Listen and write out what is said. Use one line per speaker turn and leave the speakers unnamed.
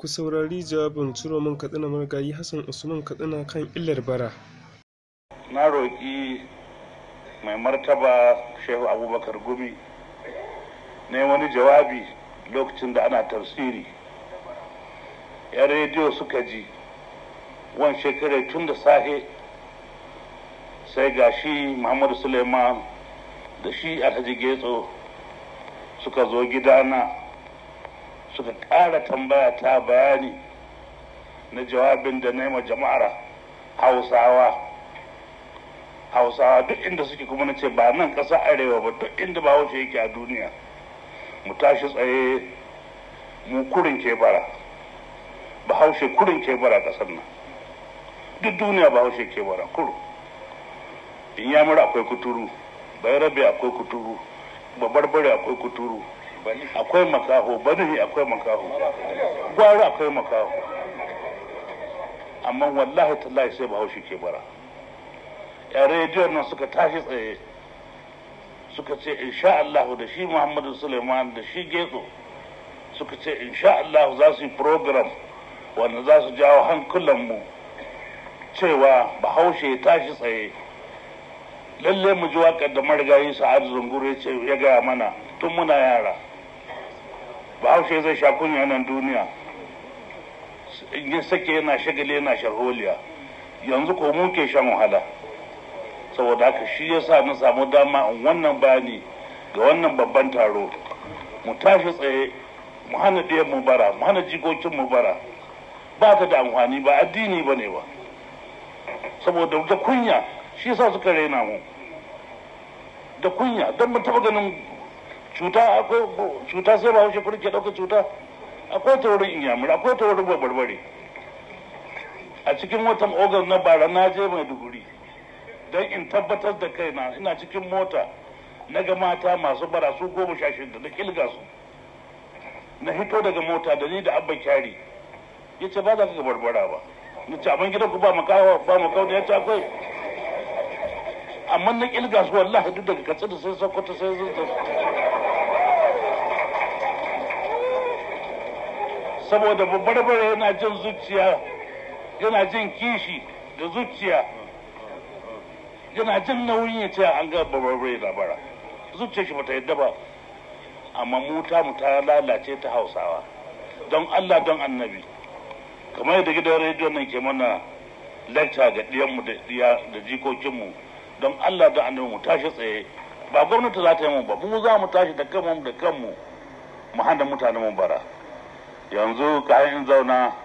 Ku saurari jawabin min Katsina Marigayi Hassan Usman Katsina kan illar bara. Na roƙi mai martaba Shehu Abubakar Gumi ne wani jawabi lokacin da ana tafsiri. 'Yan rediyo suka ji wan shekara tun da sahe sai ga shi Muhammadu Suleiman da shi Alhaji Getso suka zo gidana suka ƙara tambaya ta bayani na jawabin da na jama'ar hausawa hausawa duk inda suke kuma na ce ba nan ƙasa arewa ba duk inda ba wuce yake a duniya mu tashi tsaye mu kurin ke bara ba haushe kurin ke bara ƙasar nan duk duniya ba haushe ke bara kuru in yamura akwai kuturu bai rabe akwai kuturu bare akwai kuturu akwai makaho banihi akwai makaho gwara akwai makaho amma wallahi tallahi sai bahaushe ke bara ya rediyon nan suka tashi tsaye suka ce insha Allah da shi Muhammadu Suleiman da shi Getso suka ce insha Allah za su yi program wanda za su jawo hankulanmu cewa bahaushe ya tashi tsaye lalle mu ji waƙar da marigayi sa'ad zunguru ya ce ya gaya mana tun muna yara bahaushe zai sha kunya nan duniya in sake yana shagali yana sharholiya yanzu ko mu ke shan wahala saboda haka shi ya sa na samu dama in wannan bani ga wannan babban taro mu tashi tsaye mu hana ɗayan mu bara mu hana jikokin mu bara ba ta da amfani ba addini ba ne ba saboda da kunya shi sa suka raina mu da kunya don mu taɓa ganin cuta akwai cuta sai ba haushe kurin ke ɗauka cuta akwai ta wurin inyamuri akwai ta wurin babarbare a cikin watan ogan na bara na je mai duguri don in tabbatar da kaina ina cikin mota na ga mata masu bara su goma sha shida na kilga su na hito daga mota da ni da abba kyari ya ce ba za ka ga barbara ba na ce abin gidan ku ba makawa ba makawa da ya ce akwai amma nan ilga su wallahi duk daga da sai sokoto sai zuzza saboda barbara yana jin zuciya yana jin kishi da zuciya yana jin nauyin ya ce an ga barbara labara zuciya shi bata yadda ba amma muta mu ta lalace ta hausawa don allah don annabi kamar yadda gidan rediyon nan ke mana lacca ga ɗiyanmu da jikokinmu don Allah da annabi mu tashi tsaye ba gwamnati za ta yi mu ba mu za mu tashi da kanmu da kanmu mu hana mutanen mu bara yanzu kayan in zauna